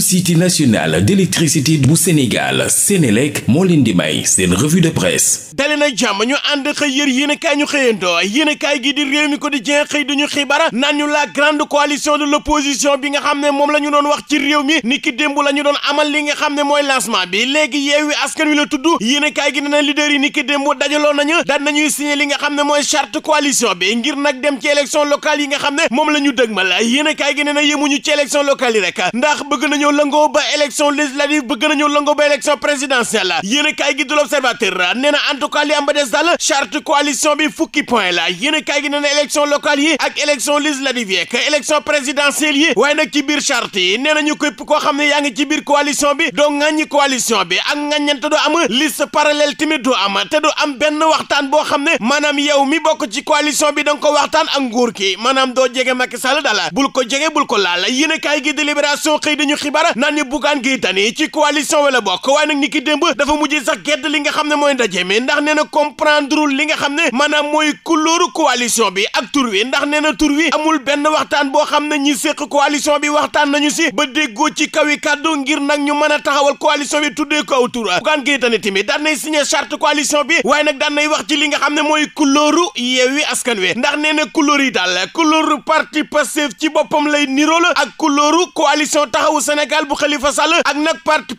société nationale d'électricité bu Sénégal Sénélec moo leen di may seen revue de presse dali na jàmm ñu ànd xëy yër yéenekaay ñu xëyandoo yéenekaay gi di réew mi quotidien xëy duñu xibaar naan ñu la grande coalition de l'opposition bi nga xam ne moom la ñu doon wax ci réew mi ni ki démb la doon amal li nga xam ne mooy lancement bi léegi Yewwi Askan Wi la tudd yéenekaay gi dina leader yi ni ki démb dajaloo nañu daan nañuy signé li nga xam ne mooy charte coalition bi ngir yi nga xam ne moom la ñu dëgmal yéenekaay gi nee na yemuñu nañoo lëngoo ba élection législative bëgg nañoo lëngoo ba élection présidentielle yéen a kaay gi du l'observateur nee na en tout cas li am ba des daal charte coalition bi fukki point la yéen a kaay gi nee na élection yi ak élection législative yi ak élection présidentielle yi waaye nag ci biir yi nee na xam ne yaa ngi ci biir bi doo ŋàññi coalition bi ak ŋàññante du am liste parallèle tamit du te du am benn waxtaan boo xam ne maanaam yow mi bokk ci coalition bi danga ko waxtaan ak nguur ki maanaam doo jege Macky Sall ko jege xibaar naan ni Bougane Gueye Dany ci coalition wala bokk waaye nag ni ki démb dafa mujj sax gedd li nga xam ne mooy ndaje mi ndax nee na comprendre li nga xam ne maanaam mooy couleur coalition bi ak tur wi ndax nee na tur wi amul benn waxtaan boo xam ne ñi séq coalition bi waxtaan nañu si ba déggoo ci kaw yi kàddu ngir nag ñu mën a taxawal coalition bi tuddee ko aw tur Bougane Gueye Dany tamit daan nay signé charte coalition bi waaye nag daan nay wax ci li nga xam ne mooy couleur Yewwi Askan Wi ndax nee na couleur yi daal couleur parti Pastef ci boppam lay niroo la ak couleur coalition taxawu sa Sénégal bu Khalifa Sall ak nag parti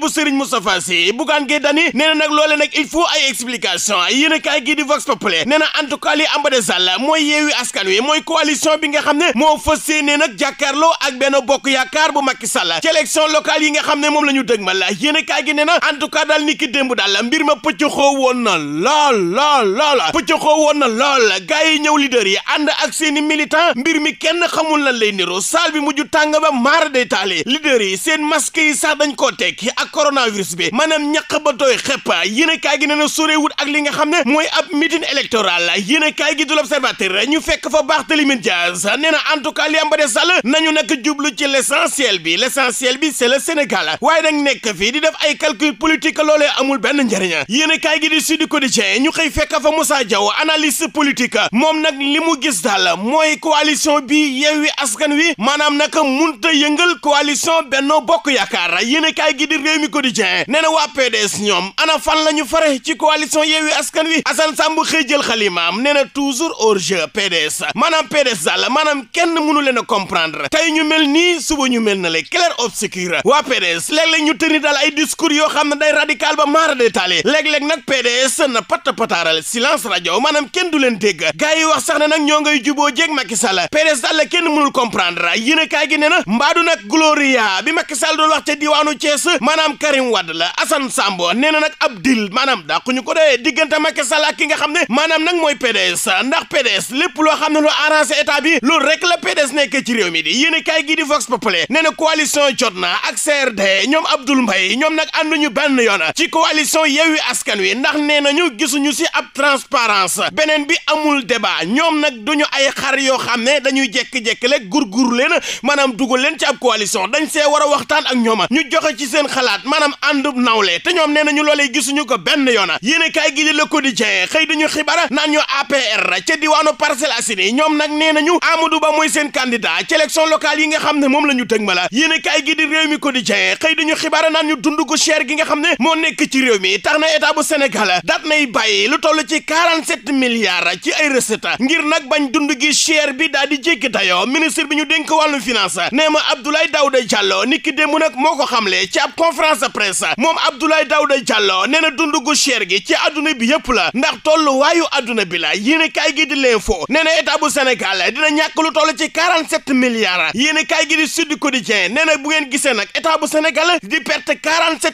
bu Serigne Moustapha Sy Bougane Gueye Dany nee nag loole nag il faut a kaay gii di Vox Populi na en tout cas li ambade Sall mooy askan wi mooy coalition bi nga xam ne moo fas yéene nag jàkkaarloo ak benn bokk yaakaar bu Macky Sall ci élection yi nga xam ne moom la ñu dëgmal yéen a kaay gi nee na en tout cas daal ni ki démb daal mbir ma pëccxoo woon na lool lool lool pëccxoo woon na lool gars yi ñëw leader yi ànd ak seeni militant mbir mi kenn xamul lan lay niro saal bi mujj tàng ba maara day taali leader yi seen masque yi sax dañ koo tekki ak coronavirus bi maanaam ñaq ba tooy xepp yéen a gi nee na sorewut ak li nga xam ne mooy ab meeting électoral yéen a gi du l'observateur ñu fekk fa Barthélémy Dias nee na en li am ba de sàll nañu nag jublu ci l'essentiel bi l'essentiel bi c'est le waaye nag nekk fii di def ay calcul politique loolee amul benn njëriñ yéen a gi di Sud Quotidien ñu xëy fekk fa Moussa Diaw analyste politique moom nag li mu gis daal coalition Benno Bokk Yaakaar yéenekaay gi di Rewmi Quotidien nee na waa PDS ñoom ana fan la ñu fare ci coalition Yewwi Askan Wi Assane Samb xëy jël xalimaam nee na toujours hors jeu PDS maanaam PDS daal maanaam kenn mënu leen a comprendre tey ñu mel nii suba ñu mel na le clair obscur waa PDS léeg-léeg ñu tëni daal ay discours yoo xam ne day radical ba maara détaillé léeg-léeg nag PDS na patta pataaral silence rajo maanaam kenn du leen dégg gars yi wax sax ne ñoo ngay juboo jéeg Macky Sall PDS daal la kenn mënul comprendre yéenekaay gi nee na mbaadu nag mafia bi Macky Sall doon wax ca diwaanu Thiès maanaam Karim Wade la Assane Samb nee na nag ab dil ku ñu ko dee diggante Macky Sall ak ki nga xam ne maanaam nag mooy PDS ndax PDS lépp loo xam ne lu arrangé état bi loolu rek la PDS nekk ci réew mi di yéen a kaay gii di Vox Populi nee na coalition jot na ak CRD ñoom Abdoul Mbaye ñoom nag ànduñu benn yoon ci coalition Yewwi Askan Wi ndax nee nañu gisuñu si ab transparence beneen bi amul débat ñoom nag duñu ay xar yoo xam ne dañuy jékki-jékki rek gurgur leen maanaam dugal leen ci ab coalition dañ see war a waxtaan ak ñooma ñu joxe ci seen xalaat maanaam àndub nawle te ñoom nee nañu loolee gisuñu ko benn yoona yéene kaay gi di Le Quotidien xëy dañu xibara naan ñu APR ca diwaanu Parcelles Assainies ñoom nag nee nañu Amadou Ba mooy seen candidat ci élection locale yi nga xam ne moom la ñu tëg ma la yéene kaay gi di réew mi Quotidien xëy dañu xibara naan ñu dund gu cher gi nga xam ne moo nekk ci réew mi tax na état bu Sénégal daat nay bàyyi lu toll ci 47 milliards ci ay recettes ngir nag bañ dund gi cher bi daal di jéggi dayoo ministre bi ñu dénk wàllu finance nee ma Abdoulaye Daouda Diallo ni ki démb nag moo ko xamle ci ab conférence de presse moom Abdoulaye Daouda Diallo nee na dund gu cher gi ci adduna bi yëpp la ndax waayu adduna bi la yéen kaay gi di l'info nee na état bu Sénégal dina ñàkk lu toll ci quarante sept milliards yéen kaay gi di Sud Quotidien nee na bu ngeen gisee nag état bu Sénégal di perte quarante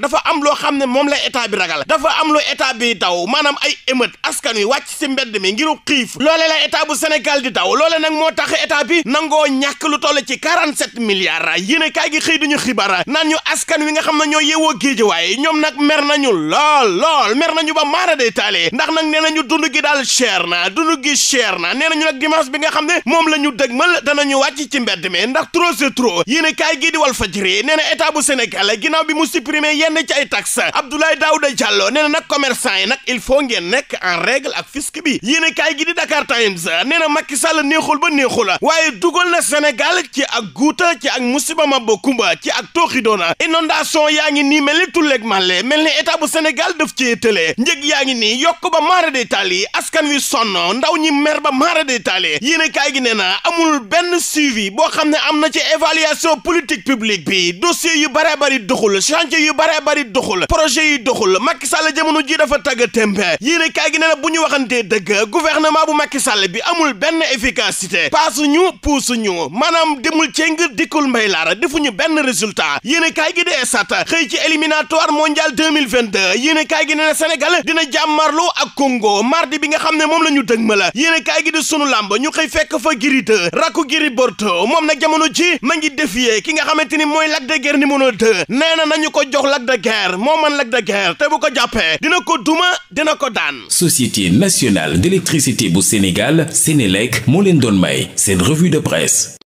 dafa am loo xam ne moom la état bi ragal dafa am lu état bi daw maanaam ay émeute askan wi wàcc si mbedd mi ngiru xiif loole la état bu Sénégal di daw loole nag moo tax état bi nangoo ñàkk lu toll ci quarante sept milliards dara yéene kaay gi xëy dañu xibaar naan ñu askan wi nga xam na ñoo yeewoo géejawaay ñoom nag mer nañu lool lool mer nañu ba maara day taale ndax nag nee nañu dund gi daal cher na dund gi cher na nee nañu nag dimanche bi nga xam ne moom la ñu dëgmal danañu wàcc ci mbedd mi ndax trop c'est trop yéene kaay gi di wal fajri nee na état bu Sénégal ginnaaw bi mu supprimer yenn ci ay taxe Abdoulaye Daouda Diallo nee na nag commerçant yi nag il faut ngeen nekk en règle ak fisc bi yéene kaay gi di Dakar Times nee na Macky Sall neexul ba neexul waaye dugal na Sénégal ci ak guuta ci ak musiba ma ba kumba ci ak tooxi doona inondation yaa ngi nii mel ni tulleeg màlle mel ni état bu Sénégal daf ci tëlee njëg yaa ngi nii yokk ba maara de taali askan wi sonn ndaw ñi mer ba maara de taali yéen a gi nee na amul benn suivi boo xam ne am na ci évaluation politique publique bi dossier yu bare bari doxul chantier yu bare bari doxul projet yi doxul Macky Sall jamono ji dafa tagga tembe yéen a kaay gi nee na bu ñu waxantee dëgg gouvernement bu Macky Sall bi amul benn efficacité paasuñu puusuñu maanaam demul ceng dikkul mbay fay laara defuñu benn résultat yéene kaay gi de sat xëy ci éliminatoire mondial 2022 yéene kaay gi ne Sénégal dina jàmmarlu ak Congo mardi bi nga xam ne moom la ñu dëg ma la yéene kaay gi di sunu làmb ñu xëy fekk fa Gris 2 rakku Gris Bordeaux moom na jamono ji ma ngi défier ki nga xamante ni mooy Lac de Guiers numéro 2 nee na nañu ko jox Lac de Guiers moo man Lac de Guiers te bu ko jàppee dina ko duma dina ko daan Société nationale d'électricité bu Sénégal Sénélec moo leen doon may seen revue de presse